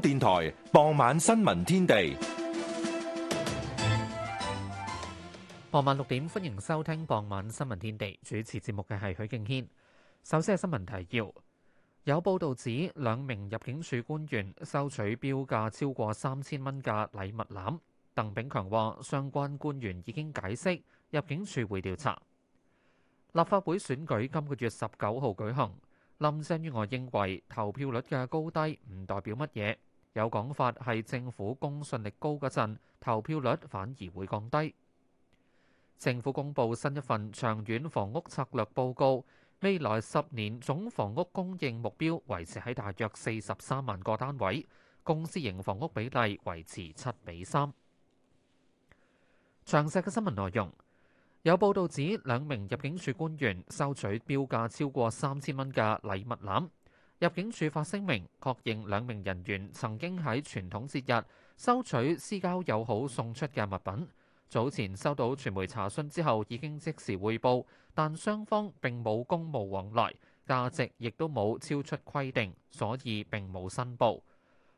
電台傍晚新聞天地，傍晚六點，歡迎收聽傍晚新聞天地。主持節目嘅係許敬軒。首先係新聞提要，有報道指兩名入境處官員收取標價超過三千蚊嘅禮物籃。鄧炳強話，相關官員已經解釋，入境處會調查。立法會選舉今個月十九號舉行。林鄭月娥認為，投票率嘅高低唔代表乜嘢。有講法係政府公信力高嗰陣，投票率反而會降低。政府公布新一份長遠房屋策略報告，未來十年總房屋供應目標維持喺大約四十三萬個單位，公私營房屋比例維持七比三。詳細嘅新聞內容，有報導指兩名入境處官員收取標價超過三千蚊嘅禮物籃。入境處發聲明確認兩名人員曾經喺傳統節日收取私交友好送出嘅物品。早前收到傳媒查詢之後，已經即時匯報，但雙方並冇公務往來，價值亦都冇超出規定，所以並冇申報。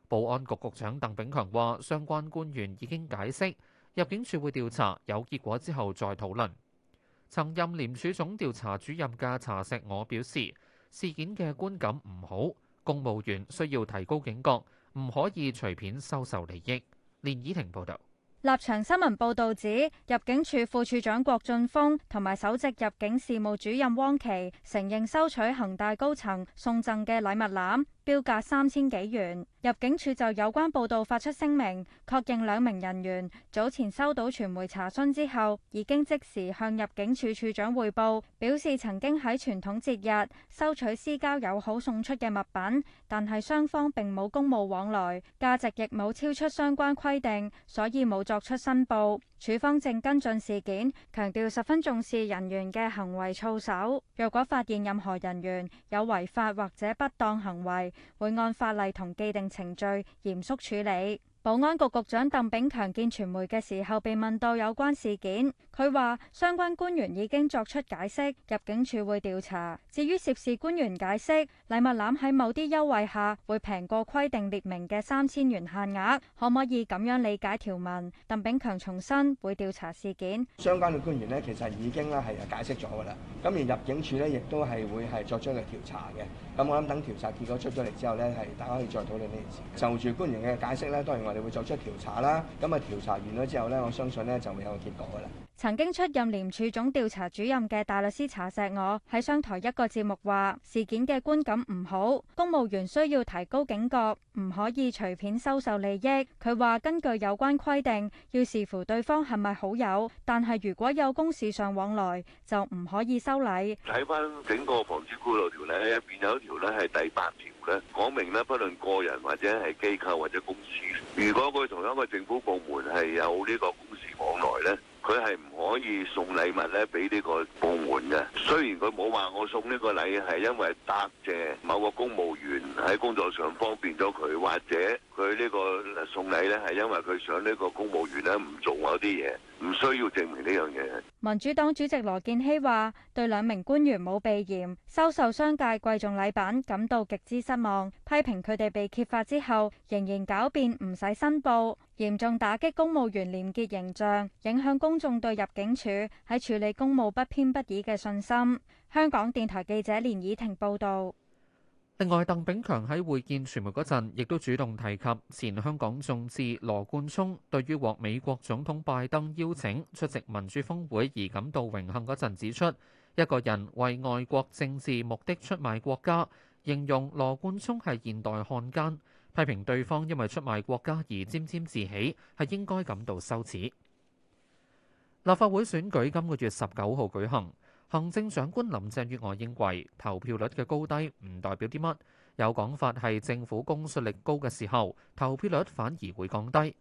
保安局局長鄧炳強話：相關官員已經解釋，入境處會調查，有結果之後再討論。曾任廉署總調查主任嘅查石我表示：事件嘅觀感唔好，公務員需要提高警覺，唔可以隨便收受利益。連以婷報導。立場新聞報道指，入境處副處長郭俊峰同埋首席入境事務主任汪琪承認收取恒大高層送贈嘅禮物籃。標價三千幾元，入境處就有關報道發出聲明，確認兩名人員早前收到傳媒查詢之後，已經即時向入境處處長匯報，表示曾經喺傳統節日收取私交友好送出嘅物品，但係雙方並冇公務往來，價值亦冇超出相關規定，所以冇作出申報。處方正跟進事件，強調十分重視人員嘅行為操守，若果發現任何人員有違法或者不當行為，會按法例同既定程序嚴肅處理。保安局局長鄧炳強見傳媒嘅時候，被問到有關事件，佢話相關官員已經作出解釋，入境處會調查。至於涉事官員解釋，禮物籃喺某啲優惠下會平過規定列明嘅三千元限額，可唔可以咁樣理解條文？鄧炳強重申會調查事件，相關嘅官員呢，其實已經咧係解釋咗噶啦。咁而入境處咧亦都係會係作出一個調查嘅。咁我諗等調查結果出咗嚟之後咧，係大家可以再討論呢件事。就住官員嘅解釋咧，當然我哋會作出調查啦。咁啊調查完咗之後咧，我相信咧就會有個結果噶啦。曾經出任廉署總調查主任嘅大律師查錫我喺商台一個節目話事件嘅觀感唔好，公務員需要提高警覺，唔可以隨便收受利益。佢話根據有關規定，要視乎對方係咪好友，但係如果有公事上往來，就唔可以收禮。睇翻整個《防止賄賂條例》，入邊有一條呢係第八條呢，講明呢不論個人或者係機構或者公司，如果佢同一個政府部門係有呢個公事往來呢。佢係唔可以送禮物咧，畀呢個部門嘅。雖然佢冇話我送呢個禮係因為答謝某個公務員喺工作上方便咗佢，或者。佢呢個送禮呢，係因為佢想呢個公務員呢唔做我啲嘢，唔需要證明呢樣嘢。民主黨主席羅健熙話：對兩名官員冇避嫌，收受商界貴重禮品感到極之失望，批評佢哋被揭發之後仍然狡辯唔使申報，嚴重打擊公務員廉潔形象，影響公眾對入境處喺處理公務不偏不倚嘅信心。香港電台記者連以婷報導。另外，鄧炳強喺會見傳媒嗰陣，亦都主動提及前香港眾志羅冠聰。對於獲美國總統拜登邀請出席民主峰會而感到榮幸嗰陣，指出一個人為外國政治目的出賣國家，形容羅冠聰係現代漢奸，批評對方因為出賣國家而沾沾自喜，係應該感到羞恥。立法會選舉今個月十九號舉行。行政長官林鄭月娥認為投票率嘅高低唔代表啲乜，有講法係政府公信力高嘅時候，投票率反而會降低。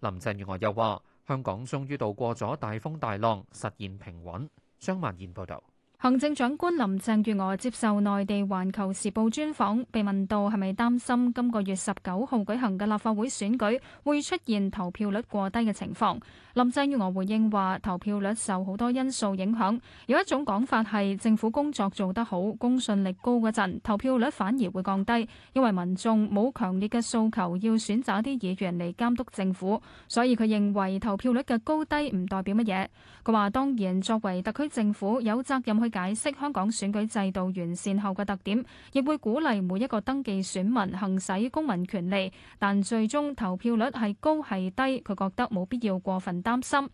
林鄭月娥又話：香港終於度過咗大風大浪，實現平穩。張萬燕報道。行政長官林鄭月娥接受內地環球時報專訪，被問到係咪擔心今個月十九號舉行嘅立法會選舉會出現投票率過低嘅情況，林鄭月娥回應話：投票率受好多因素影響，有一種講法係政府工作做得好，公信力高嗰陣，投票率反而會降低，因為民眾冇強烈嘅訴求要選擇啲議員嚟監督政府，所以佢認為投票率嘅高低唔代表乜嘢。佢話當然作為特區政府有責任去。解釋香港選舉制度完善後嘅特點，亦會鼓勵每一個登記選民行使公民權利。但最終投票率係高係低，佢覺得冇必要過分擔心。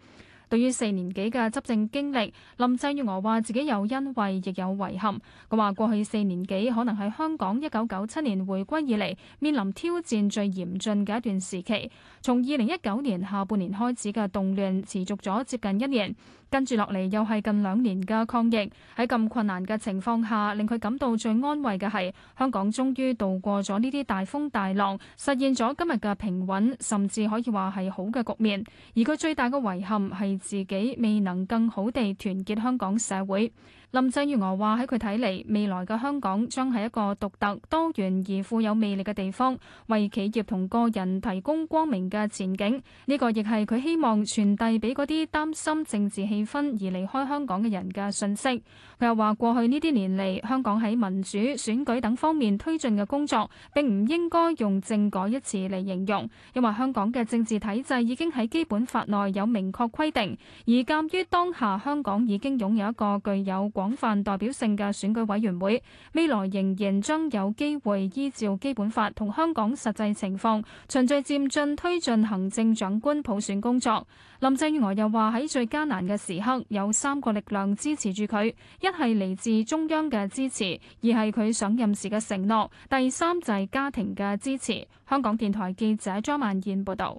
對於四年幾嘅執政經歷，林鄭月娥話自己有欣慰，亦有遺憾。佢話過去四年幾可能係香港一九九七年回歸以嚟面臨挑戰最嚴峻嘅一段時期。從二零一九年下半年開始嘅動亂持續咗接近一年。跟住落嚟又係近兩年嘅抗疫，喺咁困難嘅情況下，令佢感到最安慰嘅係香港終於度過咗呢啲大風大浪，實現咗今日嘅平穩，甚至可以話，係好嘅局面。而佢最大嘅遺憾係自己未能更好地團結香港社會。林鄭月娥話：喺佢睇嚟，未來嘅香港將係一個獨特、多元而富有魅力嘅地方，為企業同個人提供光明嘅前景。呢個亦係佢希望傳遞俾嗰啲擔心政治氣氛而離開香港嘅人嘅信息。佢又話：過去呢啲年嚟，香港喺民主、選舉等方面推進嘅工作並唔應該用政改一詞嚟形容，因為香港嘅政治體制已經喺基本法內有明確規定。而鑑於當下香港已經擁有一個具有，廣泛代表性嘅選舉委員會，未來仍然將有機會依照基本法同香港實際情況，循序漸進推進行政長官普選工作。林鄭月娥又話，喺最艱難嘅時刻，有三個力量支持住佢：一係嚟自中央嘅支持，二係佢上任時嘅承諾，第三就係家庭嘅支持。香港電台記者張曼燕報道。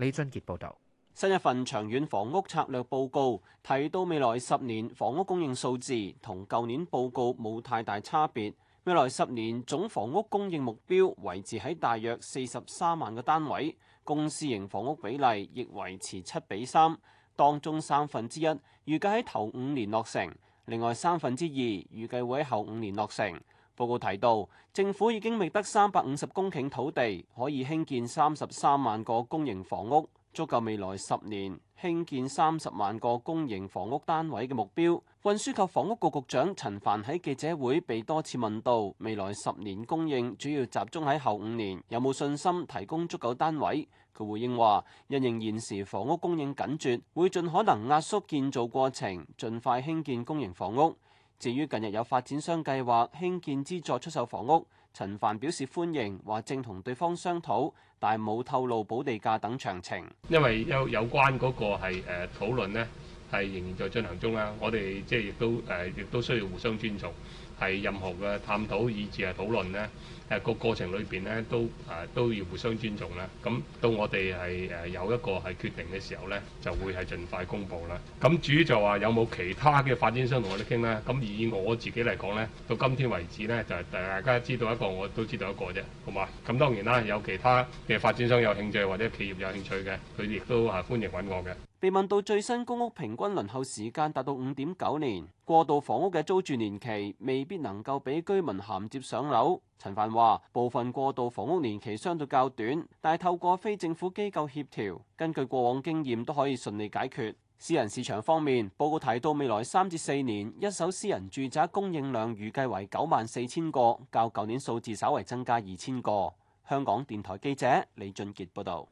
李俊傑報道，新一份長遠房屋策略報告提到，未來十年房屋供應數字同舊年報告冇太大差別。未來十年總房屋供應目標維持喺大約四十三萬個單位，公私營房屋比例亦維持七比三，當中三分之一預計喺頭五年落成，另外三分之二預計會喺後五年落成。報告提到，政府已經覓得三百五十公頃土地，可以興建三十三萬個公營房屋，足夠未來十年興建三十萬個公營房屋單位嘅目標。運輸及房屋局局長陳帆喺記者會被多次問到，未來十年供應主要集中喺後五年，有冇信心提供足夠單位？佢回應話，因應現時房屋供應緊絀，會盡可能壓縮建造過程，盡快興建公營房屋。至於近日有發展商計劃興建資助出售房屋，陳帆表示歡迎，話正同對方商討，但冇透露補地價等詳情。因為有有關嗰個係誒討論咧，係仍然在進行中啦。我哋即係亦都誒，亦都需要互相尊重，係任何嘅探討以至係討論呢。誒、啊、個過程裏邊咧，都誒、啊、都要互相尊重啦。咁、啊、到我哋係誒有一個係決定嘅時候咧，就會係盡快公佈啦。咁、啊、主要就話有冇其他嘅發展商同我哋傾咧？咁、啊、以我自己嚟講咧，到今天為止咧，就係大家知道一個，我都知道一個啫，好嘛？咁、啊、當然啦，有其他嘅發展商有興趣或者企業有興趣嘅，佢哋亦都係、啊、歡迎搵我嘅。被問到最新公屋平均輪候時間達到五點九年，過渡房屋嘅租住年期未必能夠俾居民銜接上樓。陳帆話：部分過渡房屋年期相對較短，但係透過非政府機構協調，根據過往經驗都可以順利解決。私人市場方面，報告提到未來三至四年一手私人住宅供應量預計為九萬四千個，較舊年數字稍為增加二千個。香港電台記者李俊傑報導。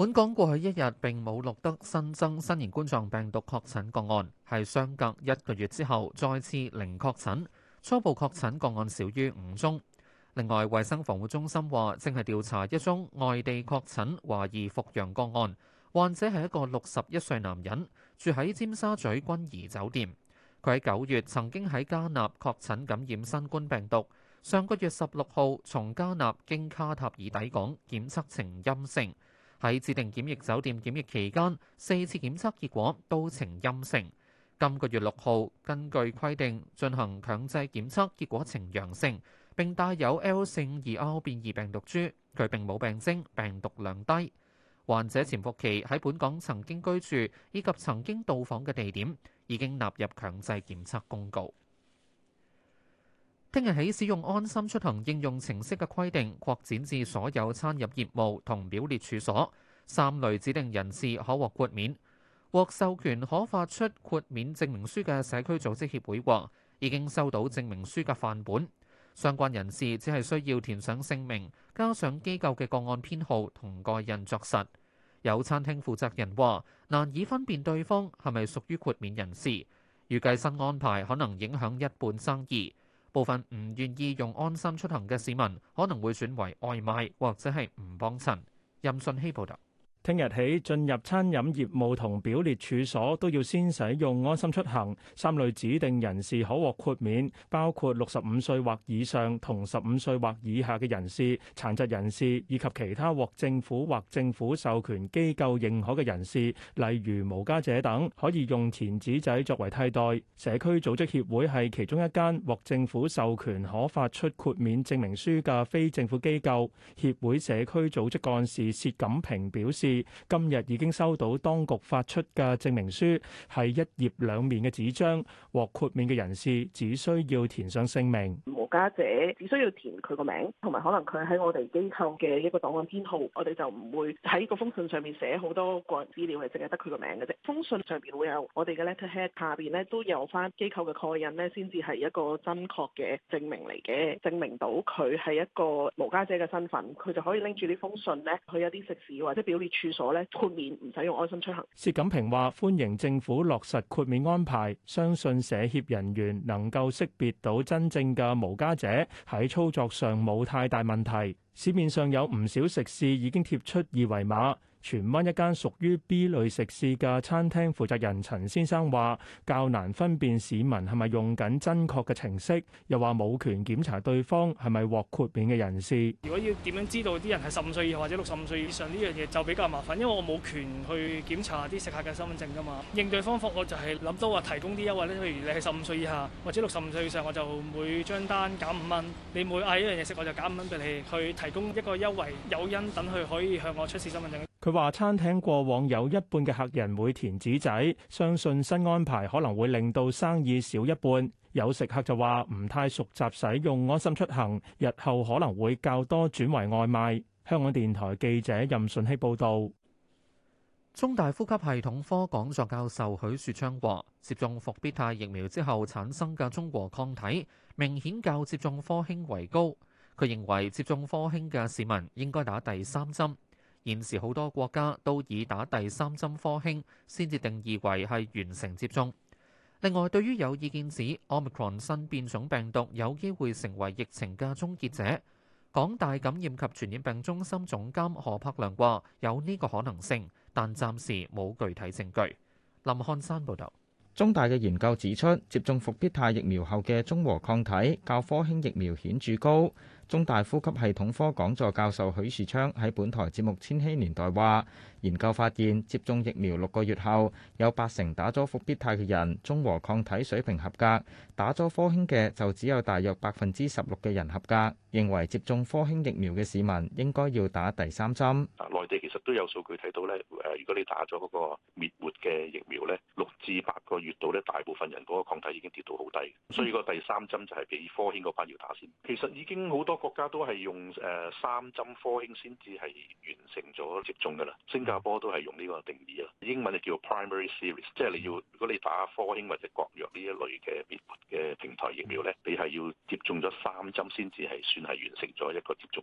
本港過去一日並冇錄得新增新型冠狀病毒確診個案，係相隔一個月之後再次零確診，初步確診個案少於五宗。另外，衛生防護中心話正係調查一宗外地確診懷疑復陽個案，患者係一個六十一歲男人，住喺尖沙咀君怡酒店。佢喺九月曾經喺加納確診感染新冠病毒，上個月十六號從加納經卡塔爾抵港，檢測呈陰性。喺指定檢疫酒店檢疫期間，四次檢測結果都呈陰性。今個月六號，根據規定進行強制檢測，結果呈陽性，並帶有 L 性二 R 變異病毒株。佢並冇病徵，病毒量低。患者潛伏期喺本港曾經居住以及曾經到訪嘅地點已經納入強制檢測公告。聽日起，使用安心出行應用程式嘅規定擴展至所有餐飲業務同表列處所，三類指定人士可獲豁免。獲授權可發出豁免證明書嘅社區組織協會話，已經收到證明書嘅範本，相關人士只係需要填上姓名，加上機構嘅個案編號同蓋印作實。有餐廳負責人話，難以分辨對方係咪屬於豁免人士，預計新安排可能影響一半生意。部分唔願意用安心出行嘅市民，可能會選為外賣或者係唔幫襯。任信希報道。聽日起，進入餐飲業務同表列處所都要先使用安心出行。三類指定人士可獲豁免，包括六十五歲或以上同十五歲或以下嘅人士、殘疾人士以及其他獲政府或政府授權機構認可嘅人士，例如無家者等，可以用填紙仔作為替代。社區組織協會係其中一間獲政府授權可發出豁免證明書嘅非政府機構。協會社區組織幹事薛錦平表示。今日已經收到當局發出嘅證明書，係一頁兩面嘅紙張，獲豁免嘅人士只需要填上姓名。無家者只需要填佢個名，同埋可能佢喺我哋機構嘅一個檔案編號，我哋就唔會喺個封信上面寫好多個人資料，係淨係得佢個名嘅啫。封信上邊會有我哋嘅 letterhead，下邊咧都有翻機構嘅蓋印咧，先至係一個真確嘅證明嚟嘅，證明到佢係一個無家者嘅身份，佢就可以拎住呢封信咧，佢有啲食肆或者表列住所咧豁免，唔使用安心出行。薛錦平話：歡迎政府落實豁免安排，相信社協人員能夠識別到真正嘅無家者，喺操作上冇太大問題。市面上有唔少食肆已經貼出二維碼。荃灣一間屬於 B 類食肆嘅餐廳負責人陳先生話：較難分辨市民係咪用緊真確嘅程式，又話冇權檢查對方係咪獲豁免嘅人士。如果要點樣知道啲人係十五歲以下或者六十五歲以上，呢樣嘢就比較麻煩，因為我冇權去檢查啲食客嘅身份證㗎嘛。應對方法我就係諗到話提供啲優惠咧，譬如你係十五歲以下或者六十五歲以上，我就每張單減五蚊。你每嗌一樣嘢食我就減五蚊俾你，去提供一個優惠誘因等佢可以向我出示身份證。佢話：餐廳過往有一半嘅客人會填紙仔，相信新安排可能會令到生意少一半。有食客就話唔太熟習使用安心出行，日後可能會較多轉為外賣。香港電台記者任順希報導。中大呼吸系統科講座教授許樹昌話：接種復必泰疫苗之後產生嘅中和抗體，明顯較接種科興為高。佢認為接種科興嘅市民應該打第三針。現時好多國家都已打第三針科興先至定義為係完成接種。另外，對於有意見指 Omicron 新變種病毒有機會成為疫情嘅終結者，港大感染及傳染病中心總監何柏良話：有呢個可能性，但暫時冇具體證據。林漢山報導。中大嘅研究指出，接種復必泰疫苗後嘅中和抗體較科興疫苗顯著高。中大呼吸系統科講座教授許樹昌喺本台節目《千禧年代》話，研究發現接種疫苗六個月後，有八成打咗復必泰嘅人中和抗體水平合格，打咗科興嘅就只有大約百分之十六嘅人合格。認為接種科興疫苗嘅市民應該要打第三針。內地其實都有數據睇到咧，誒，如果你打咗嗰個滅活嘅疫苗咧，六至八個月度咧，大部分人嗰個抗體已經跌到好低，所以個第三針就係俾科興嗰班要打先。其實已經好多。國家都係用誒、呃、三針科興先至係完成咗接種㗎啦，新加坡都係用呢個定義啊，英文就叫 primary series，即係你要如果你打科興或者國藥呢一類嘅滅活嘅平台疫苗咧，你係要接種咗三針先至係算係完成咗一個接種。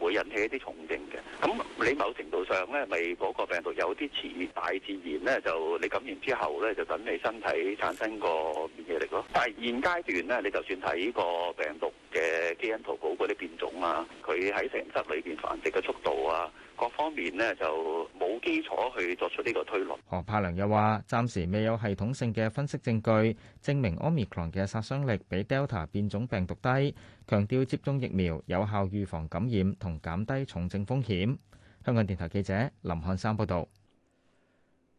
會引起一啲重症嘅，咁你某程度上咧，咪、那、嗰個病毒有啲似大自然咧，就你感染之後咧，就等你身體產生個免疫力咯。但係現階段咧，你就算睇個病毒嘅基因圖譜嗰啲變種啊，佢喺成室裏邊繁殖嘅速度啊，各方面咧就冇基礎去作出呢個推論。何柏良又話：暫時未有系統性嘅分析證據證明 Omicron 嘅殺傷力比 Delta 變種病毒低。強調接種疫苗有效預防感染同減低重症風險。香港電台記者林漢山報導。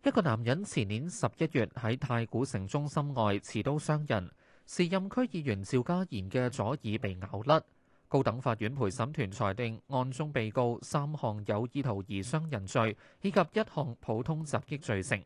一個男人前年十一月喺太古城中心外持刀傷人，時任區議員趙嘉賢嘅左耳被咬甩。高等法院陪審團裁定案中被告三項有意圖而傷人罪以及一項普通襲擊罪成。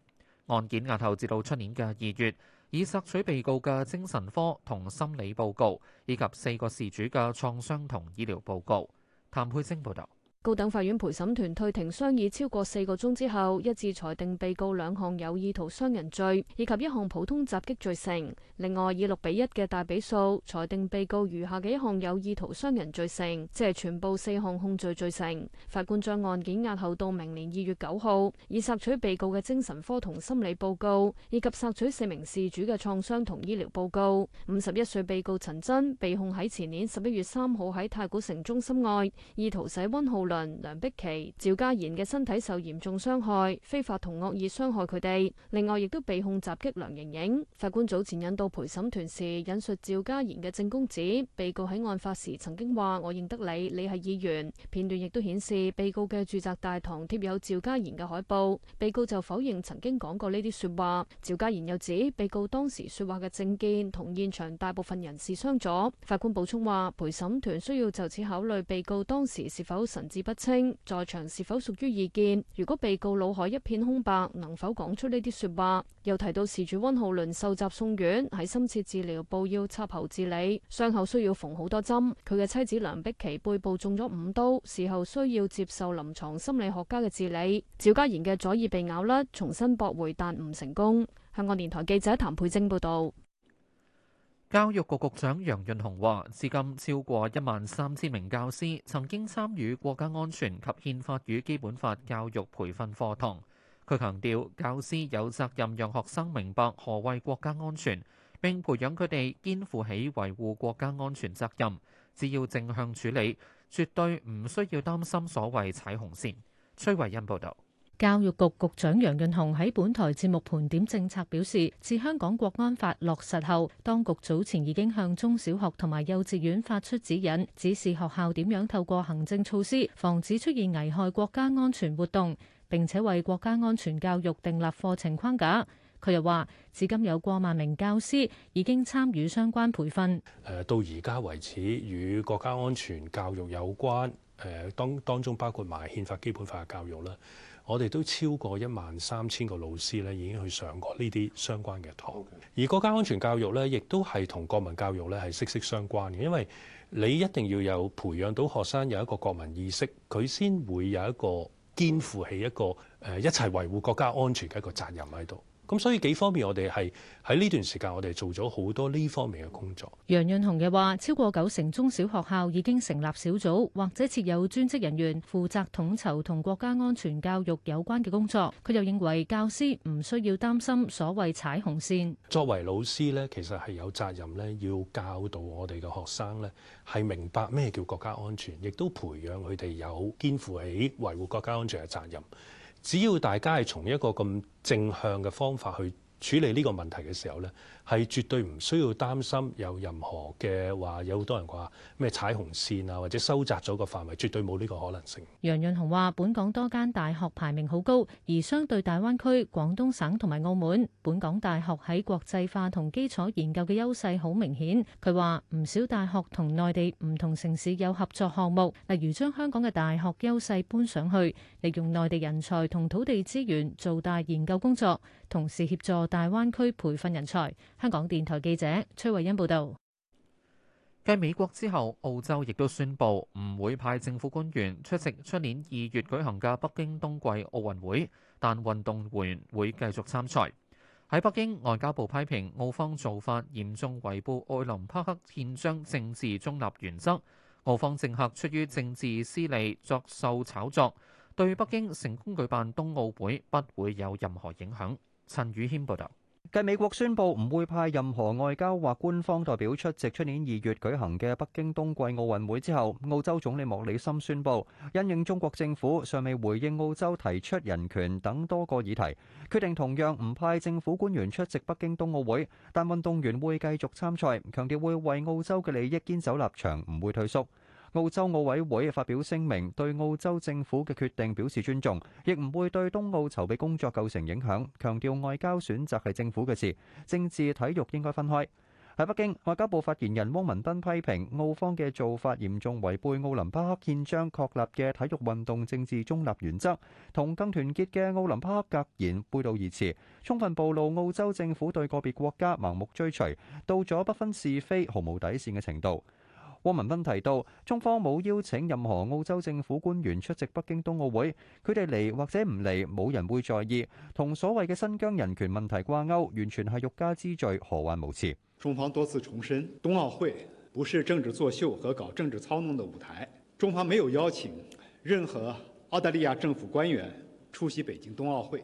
案件押後至到出年嘅二月。以索取被告嘅精神科同心理報告，以及四個事主嘅創傷同醫療報告，譚佩晶報道。高等法院陪審團退庭商議超過四個鐘之後，一致裁定被告兩項有意圖傷人罪以及一項普通襲擊罪成。另外以六比一嘅大比數裁定被告餘下嘅一項有意圖傷人罪成，即係全部四項控罪罪成。法官將案件押後到明年二月九號，以索取被告嘅精神科同心理報告，以及索取四名事主嘅創傷同醫療報告。五十一歲被告陳真被控喺前年十一月三號喺太古城中心外，意圖使溫浩倫梁碧琪、趙家賢嘅身體受嚴重傷害，非法同惡意傷害佢哋。另外，亦都被控襲擊梁瑩瑩。法官早前引導陪審團時，引述趙家賢嘅證供指，被告喺案發時曾經話：我認得你，你係議員。片段亦都顯示被告嘅住宅大堂貼有趙家賢嘅海報。被告就否認曾經講過呢啲說話。趙家賢又指，被告當時說話嘅政見同現場大部分人士相左。法官補充話，陪審團需要就此考慮被告當時是否神。事不清，在場是否屬於意見？如果被告腦海一片空白，能否講出呢啲說話？又提到事主溫浩倫受襲送院，喺深切治療部要插喉治理，傷口需要縫好多針。佢嘅妻子梁碧琪背部中咗五刀，事後需要接受臨床心理學家嘅治理。趙家賢嘅左耳被咬甩，重新駁回但唔成功。香港電台記者譚佩晶報道。教育局局長楊潤雄話，至今超過一萬三千名教師曾經參與國家安全及憲法與基本法教育培訓課堂。佢強調，教師有責任讓學生明白何謂國家安全，並培養佢哋肩負起維護國家安全責任。只要正向處理，絕對唔需要擔心所謂踩紅線。崔慧恩報道。教育局局長楊潤雄喺本台節目盤點政策，表示自香港國安法落實後，當局早前已經向中小學同埋幼稚園發出指引，指示學校點樣透過行政措施防止出現危害國家安全活動，並且為國家安全教育訂立課程框架。佢又話，至今有過萬名教師已經參與相關培訓。到而家為止，與國家安全教育有關，當，當中包括埋憲法基本法嘅教育啦。我哋都超過一萬三千個老師咧，已經去上過呢啲相關嘅堂。Okay. 而國家安全教育咧，亦都係同國民教育咧係息息相關嘅，因為你一定要有培養到學生有一個國民意識，佢先會有一個肩負起一個誒一齊維護國家安全嘅一個責任喺度。咁所以幾方面，我哋係喺呢段時間，我哋做咗好多呢方面嘅工作。楊潤雄又話，超過九成中小學校已經成立小組或者設有專職人員負責統籌同國家安全教育有關嘅工作。佢又認為教師唔需要擔心所謂踩紅線。作為老師咧，其實，係有責任咧，要教導我哋嘅學生咧，係明白咩叫國家安全，亦都培養佢哋有肩負起維護國家安全嘅責任。只要大家係從一個咁正向嘅方法去。處理呢個問題嘅時候呢，係絕對唔需要擔心有任何嘅話，有好多人話咩踩紅線啊，或者收窄咗個範圍，絕對冇呢個可能性。楊潤雄話，本港多間大學排名好高，而相對大灣區、廣東省同埋澳門，本港大學喺國際化同基礎研究嘅優勢好明顯。佢話唔少大學同內地唔同城市有合作項目，例如將香港嘅大學優勢搬上去，利用內地人才同土地資源做大研究工作。同時協助大灣區培訓人才。香港電台記者崔慧欣報道：繼美國之後，澳洲亦都宣布唔會派政府官員出席出年二月舉行嘅北京冬季奧運會，但運動員會繼續參賽。喺北京，外交部批評澳方做法嚴重違背奧林匹克憲章政治中立原則。澳方政客出於政治私利，作秀炒作，對北京成功舉辦冬奧會不會有任何影響。陳宇謙報道，繼美國宣佈唔會派任何外交或官方代表出席出年二月舉行嘅北京冬季奧運會之後，澳洲總理莫里森宣布，因應中國政府尚未回應澳洲提出人權等多個議題，決定同樣唔派政府官員出席北京冬奧會，但運動員會繼續參賽，強調會為澳洲嘅利益堅守立場，唔會退縮。澳洲奧委會發表聲明，對澳洲政府嘅決定表示尊重，亦唔會對東奧籌備工作構成影響。強調外交選擇係政府嘅事，政治體育應該分開。喺北京，外交部發言人汪文斌批評澳方嘅做法嚴重違背奧林匹克憲章確立嘅體育運動政治中立原則，同更團結嘅奧林匹克格言背道而馳，充分暴露澳洲政府對個別國家盲目追隨，到咗不分是非、毫無底線嘅程度。汪文斌提到，中方冇邀請任何澳洲政府官員出席北京冬奧會，佢哋嚟或者唔嚟，冇人會在意，同所謂嘅新疆人權問題掛鈎，完全係欲加之罪，何患無辭。中方多次重申，冬奧會不是政治作秀和搞政治操弄的舞台，中方沒有邀請任何澳大利亞政府官員出席北京冬奧會。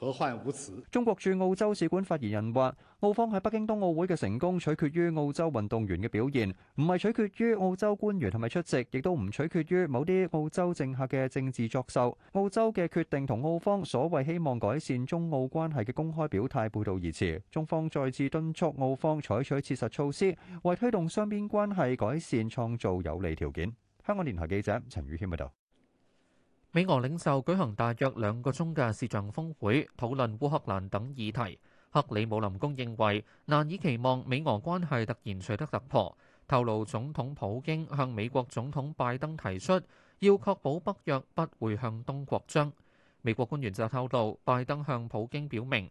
何患無辭？中國駐澳洲使館發言人話，澳方喺北京冬奧會嘅成功取決於澳洲運動員嘅表現，唔係取決於澳洲官員係咪出席，亦都唔取決於某啲澳洲政客嘅政治作秀。澳洲嘅決定同澳方所謂希望改善中澳關係嘅公開表態背道而馳。中方再次敦促澳方採取切實措施，為推動雙邊關係改善創造有利條件。香港電台記者陳宇謙報導。美俄領袖舉行大約兩個鐘嘅視像峰會，討論烏克蘭等議題。克里姆林宮認為難以期望美俄關係突然取得突破。透露總統普京向美國總統拜登提出，要確保北約不會向東擴張。美國官員就透露，拜登向普京表明，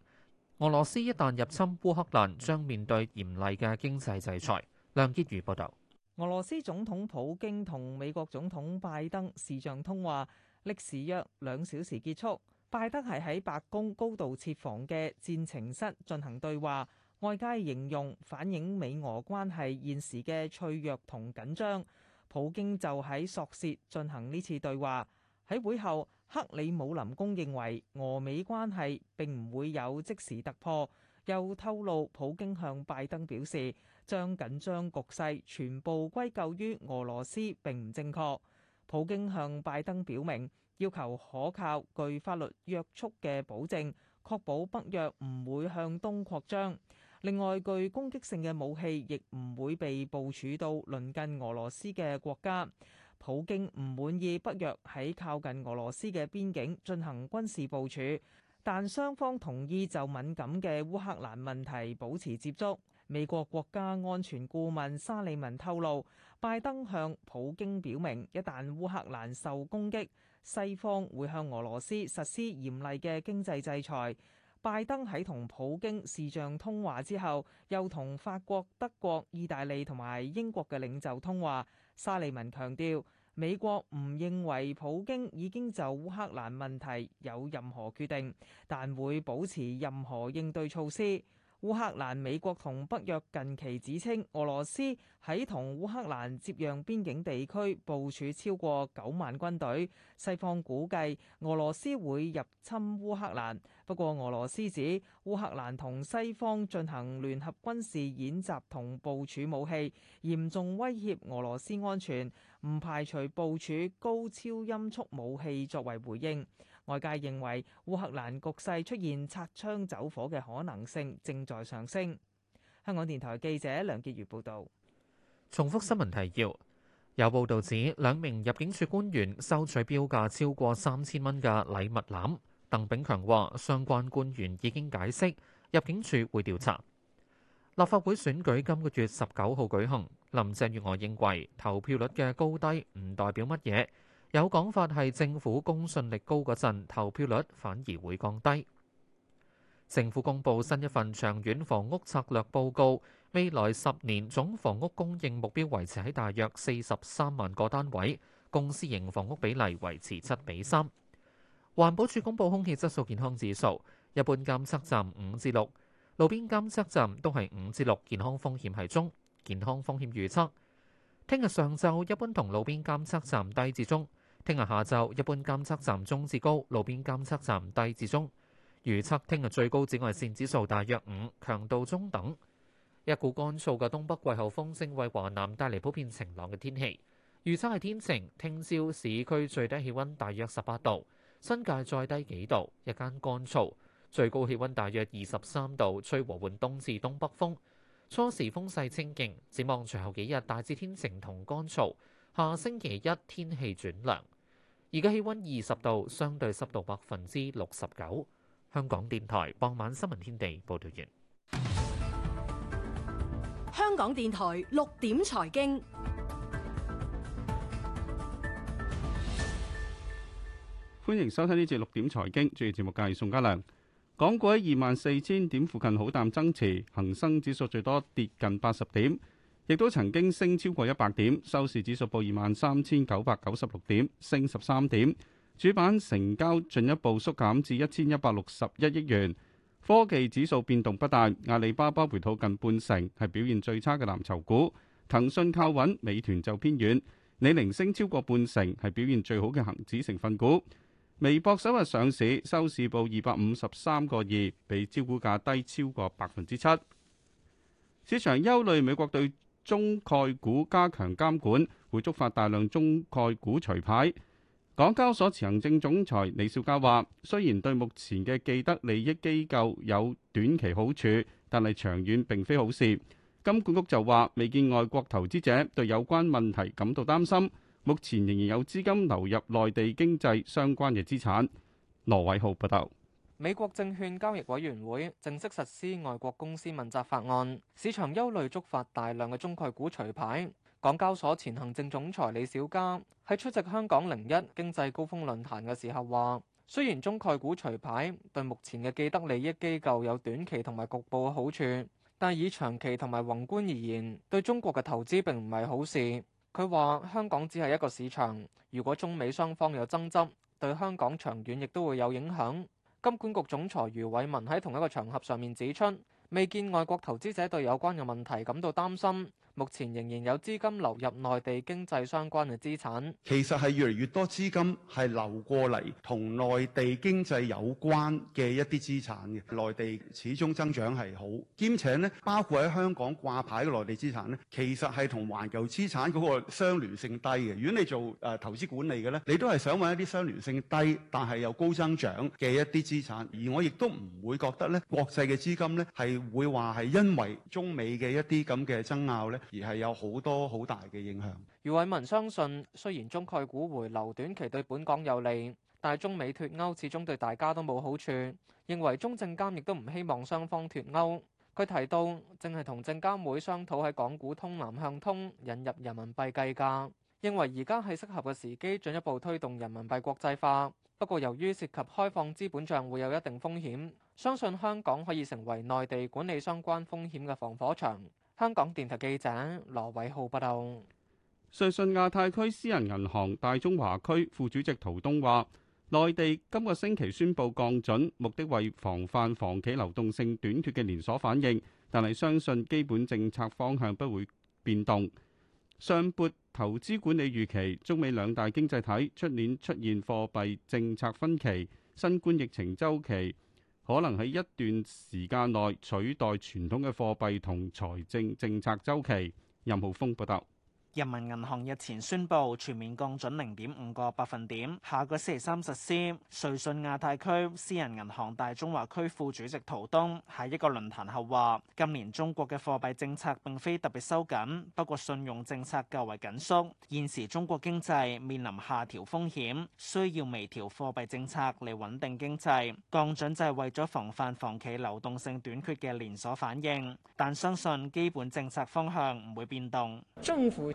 俄羅斯一旦入侵烏克蘭，將面對嚴厲嘅經濟制裁。梁潔如報道。俄羅斯總統普京同美國總統拜登視像通話。歷時約兩小時結束，拜登係喺白宮高度設防嘅戰情室進行對話，外界形容反映美俄關係現時嘅脆弱同緊張。普京就喺索契進行呢次對話。喺會後，克里姆林宮認為俄美關係並唔會有即時突破，又透露普京向拜登表示，將緊張局勢全部歸咎於俄羅斯並唔正確。普京向拜登表明，要求可靠、具法律約束嘅保證，確保北約唔會向東擴張，另外，具攻擊性嘅武器亦唔會被部署到鄰近俄羅斯嘅國家。普京唔滿意北約喺靠近俄羅斯嘅邊境進行軍事部署，但雙方同意就敏感嘅烏克蘭問題保持接觸。美國國家安全顧問沙利文透露，拜登向普京表明，一旦烏克蘭受攻擊，西方會向俄羅斯實施嚴厲嘅經濟制裁。拜登喺同普京視像通話之後，又同法國、德國、意大利同埋英國嘅領袖通話。沙利文強調，美國唔認為普京已經就烏克蘭問題有任何決定，但會保持任何應對措施。烏克蘭、美國同北約近期指稱，俄羅斯喺同烏克蘭接壤邊境地區部署超過九萬軍隊。西方估計俄羅斯會入侵烏克蘭。不過，俄羅斯指烏克蘭同西方進行聯合軍事演習同部署武器，嚴重威脅俄羅斯安全，唔排除部署高超音速武器作為回應。外界認為烏克蘭局勢出現擦槍走火嘅可能性正在上升。香港電台記者梁潔如報導。重複新聞提要。有報導指兩名入境處官員收取標價超過三千蚊嘅禮物籃。鄧炳強話相關官員已經解釋，入境處會調查。立法會選舉今個月十九號舉行。林鄭月娥認為投票率嘅高低唔代表乜嘢。有講法係政府公信力高嗰陣，投票率反而會降低。政府公布新一份長遠房屋策略報告，未來十年總房屋供應目標維持喺大約四十三萬個單位，公私營房屋比例維持七比三。環保署公布空氣質素健康指數，一般監測站五至六，路邊監測站都係五至六，健康風險係中，健康風險預測聽日上晝一般同路邊監測站低至中。聽日下晝，一般監測站中至高，路邊監測站低至中。預測聽日最高紫外線指數大約五，強度中等。一股乾燥嘅東北季候風正為華南帶嚟普遍晴朗嘅天氣，預測係天晴。聽朝市區最低氣温大約十八度，新界再低幾度，日間乾燥，最高氣温大約二十三度，吹和緩東至東北風，初時風勢清勁。展望隨後幾日，大致天晴同乾燥。下星期一天氣轉涼，而家氣温二十度，相對濕度百分之六十九。香港電台傍晚新聞天地，報道完。香港電台六點財經，歡迎收聽呢節六點財經，注意節目介係宋家良。港股喺二萬四千點附近好淡，增持恒生指數最多跌近八十點。亦都曾經升超過一百點，收市指數報二萬三千九百九十六點，升十三點。主板成交進一步縮減至一千一百六十一億元。科技指數變動不大，阿里巴巴回吐近半成，係表現最差嘅藍籌股。騰訊靠穩，美團就偏遠。李寧升超過半成，係表現最好嘅恒指成分股。微博首日上市，收市報二百五十三個二，比招股價低超過百分之七。市場憂慮美國對中概股加強監管會觸發大量中概股除牌。港交所行政總裁李小加話：雖然對目前嘅既得利益機構有短期好處，但係長遠並非好事。金管局就話未見外國投資者對有關問題感到擔心，目前仍然有資金流入內地經濟相關嘅資產。羅偉浩報導。美國證券交易委員會正式實施《外國公司問責法案》，市場憂慮觸發大量嘅中概股除牌。港交所前行政總裁李小加喺出席香港零一經濟高峰論壇嘅時候話，雖然中概股除牌對目前嘅既得利益機構有短期同埋局部嘅好處，但以長期同埋宏觀而言，對中國嘅投資並唔係好事。佢話香港只係一個市場，如果中美雙方有爭執，對香港長遠亦都會有影響。金管局總裁余偉文喺同一個場合上面指出，未見外國投資者對有關嘅問題感到擔心。目前仍然有資金流入內地經濟相關嘅資產，其實係越嚟越多資金係流過嚟同內地經濟有關嘅一啲資產嘅。內地始終增長係好，兼且咧，包括喺香港掛牌嘅內地資產咧，其實係同環球資產嗰個相聯性低嘅。如果你做誒投資管理嘅咧，你都係想揾一啲相聯性低但係又高增長嘅一啲資產。而我亦都唔會覺得咧，國際嘅資金咧係會話係因為中美嘅一啲咁嘅爭拗咧。而係有好多好大嘅影響。余偉文相信，雖然中概股回流短期對本港有利，但係中美脫歐始終對大家都冇好處，認為中證監亦都唔希望雙方脫歐。佢提到，正係同證監會商討喺港股通南向通引入人民幣計價，認為而家係適合嘅時機進一步推動人民幣國際化。不過由於涉及開放資本帳，會有一定風險，相信香港可以成為內地管理相關風險嘅防火牆。香港電台記者羅偉浩報道。瑞信亞太區私人銀行大中華區副主席陶東話，內地今個星期宣布降準，目的為防範房企流動性短缺嘅連鎖反應，但係相信基本政策方向不會變動。上撥投資管理預期，中美兩大經濟體出年出現貨幣政策分歧，新冠疫情周期，可能喺一段時間內取代傳統嘅貨幣同財政政策周期。任浩峰報道。人民銀行日前宣布全面降準零點五個百分點，下個星期三實施。瑞信亞太區私人銀行大中華區副主席陶東喺一個論壇後話：今年中國嘅貨幣政策並非特別收緊，不過信用政策較為緊縮。現時中國經濟面臨下調風險，需要微調貨幣政策嚟穩定經濟。降準就係為咗防範房企流動性短缺嘅連鎖反應，但相信基本政策方向唔會變動。政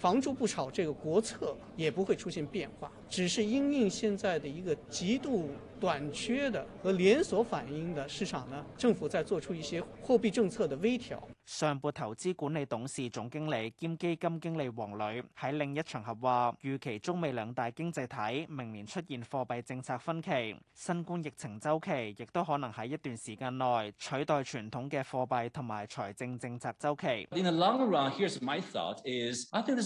房住不炒這個國策也不會出現變化，只是因應現在的一個極度短缺的和連鎖反應的市場呢，政府在做出一些貨幣政策的微調。上博投資管理董事總經理兼基金經理黃磊喺另一場合話：預期中美兩大經濟體明年出現貨幣政策分歧，新冠疫情週期亦都可能喺一段時間內取代傳統嘅貨幣同埋財政政策週期。In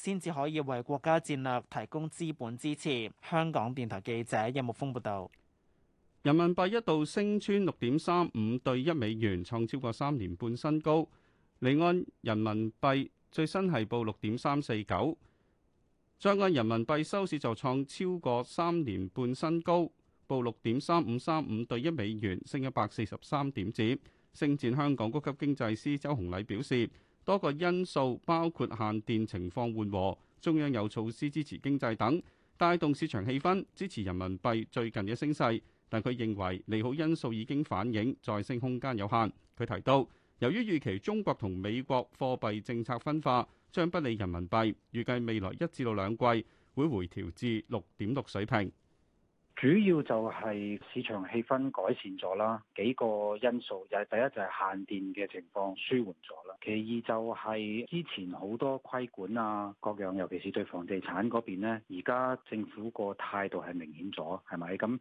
先至可以為國家戰略提供資本支持。香港電台記者任木峯報道，人民幣一度升穿六點三五對一美元，創超過三年半新高。離岸人民幣最新係報六點三四九，將岸人民幣收市就創超過三年半新高，報六點三五三五對一美元，升一百四十三點子。星展香港高級經濟師周紅禮表示。多個因素，包括限電情況緩和、中央有措施支持經濟等，帶動市場氣氛，支持人民幣最近嘅升勢。但佢認為利好因素已經反映，再升空間有限。佢提到，由於預期中國同美國貨幣政策分化，將不利人民幣，預計未來一至到兩季會回調至六點六水平。主要就係市場氣氛改善咗啦，幾個因素，又係第一就係限電嘅情況舒緩咗啦，其二就係之前好多規管啊各樣，尤其是對房地產嗰邊呢，而家政府個態度係明顯咗，係咪，咁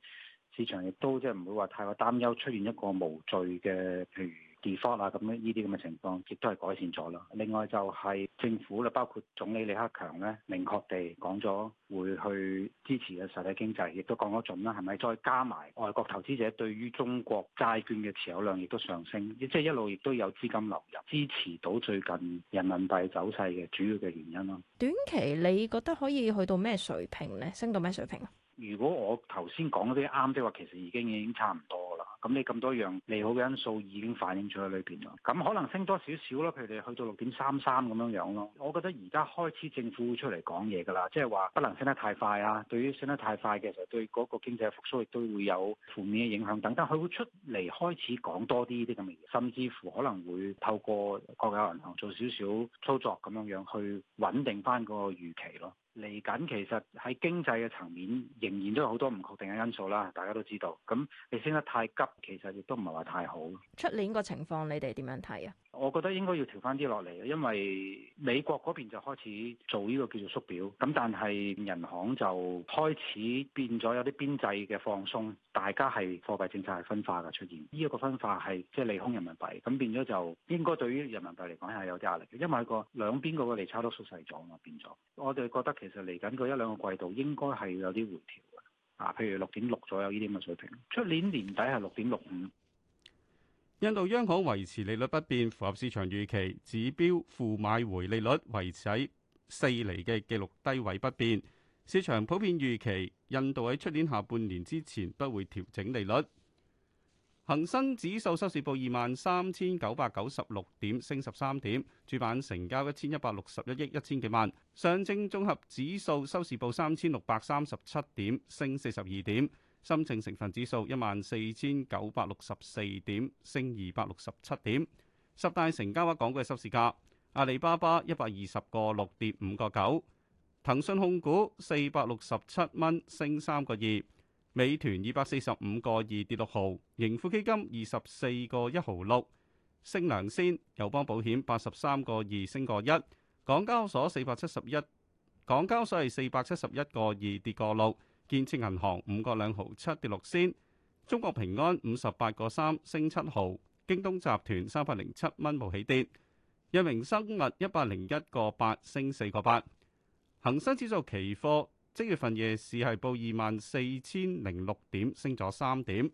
市場亦都即係唔會話太過擔憂出現一個無序嘅譬如跌幅啊，咁樣呢啲咁嘅情況亦都係改善咗啦。另外就係政府啦，包括總理李克強咧，明確地講咗會去支持嘅實體經濟亦都降咗準啦。係咪？再加埋外國投資者對於中國債券嘅持有量亦都上升，即係一路亦都有資金流入，支持到最近人民幣走勢嘅主要嘅原因咯。短期你覺得可以去到咩水平咧？升到咩水平？如果我頭先講嗰啲啱嘅話，其實已經已經差唔多。咁你咁多樣利好嘅因素已經反映咗喺裏邊啦，咁可能升多少少啦，譬如你去到六點三三咁樣樣咯。我覺得而家開始政府會出嚟講嘢㗎啦，即係話不能升得太快啊。對於升得太快嘅時候，就對嗰個經濟復甦亦都會有負面嘅影響等。等，佢會出嚟開始講多啲啲咁嘅嘢，甚至乎可能會透過國家銀行做少少操作咁樣樣去穩定翻個預期咯。嚟緊其實喺經濟嘅層面仍然都有好多唔確定嘅因素啦，大家都知道。咁你升得太急，其實亦都唔係話太好。出年個情況你哋點樣睇啊？我覺得應該要調翻啲落嚟，因為美國嗰邊就開始做呢個叫做縮表。咁但係銀行就開始變咗有啲邊際嘅放鬆，大家係貨幣政策係分化嘅出現。呢一個分化係即係利空人民幣，咁變咗就應該對於人民幣嚟講係有啲壓力，因為個兩邊嗰個利差都縮細咗啊嘛，變咗。我哋覺得其實嚟緊嗰一兩個季度應該係有啲回調嘅，啊，譬如六點六左右呢啲咁嘅水平。出年年底係六點六五。印度央行維持利率不變，符合市場預期。指標負買回利率維持喺四厘嘅紀錄低位不變。市場普遍預期印度喺出年下半年之前不會調整利率。恒生指數收市報二萬三千九百九十六點，升十三點。主板成交一千一百六十一億一千幾萬。上證綜合指數收市報三千六百三十七點，升四十二點。深證成分指數一萬四千九百六十四點，升二百六十七點。十大成交額港股嘅收市價：阿里巴巴一百二十個六跌五個九，騰訊控股四百六十七蚊升三個二。美團二百四十五個二跌六毫，盈富基金二十四個一毫六升兩仙，友邦保險八十三個二升個一，港交所四百七十一，港交所係四百七十一個二跌個六，建設銀行五個兩毫七跌六仙，中國平安五十八個三升七毫，京東集團三百零七蚊冇起跌，日明生物一百零一個八升四個八，恒生指數期貨。七月份夜市係報二萬四千零六點，升咗三點。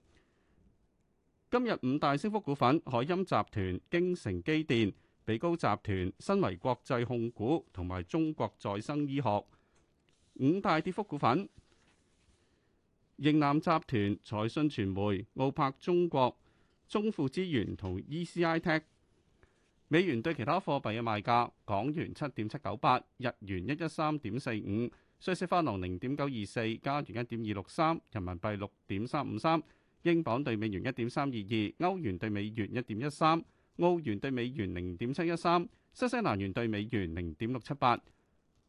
今日五大升幅股份：海音集團、京城機電、比高集團、新維國際控股同埋中國再生醫學。五大跌幅股份：盈南集團、財信傳媒、奧柏中國、中富資源同 E C I Tech。美元對其他貨幣嘅賣價：港元七點七九八，日元一一三點四五。瑞士法郎零點九二四，加元一點二六三，人民幣六點三五三，英鎊對美元一點三二二，歐元對美元一點一三，澳元對美元零點七一三，新西蘭元對美元零點六七八。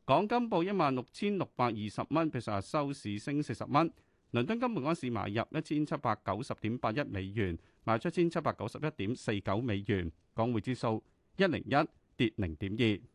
港金報一萬六千六百二十蚊，比上日收市升四十蚊。倫敦金每安士買入一千七百九十點八一美元，賣出一千七百九十一點四九美元。港匯指數一零一，跌零點二。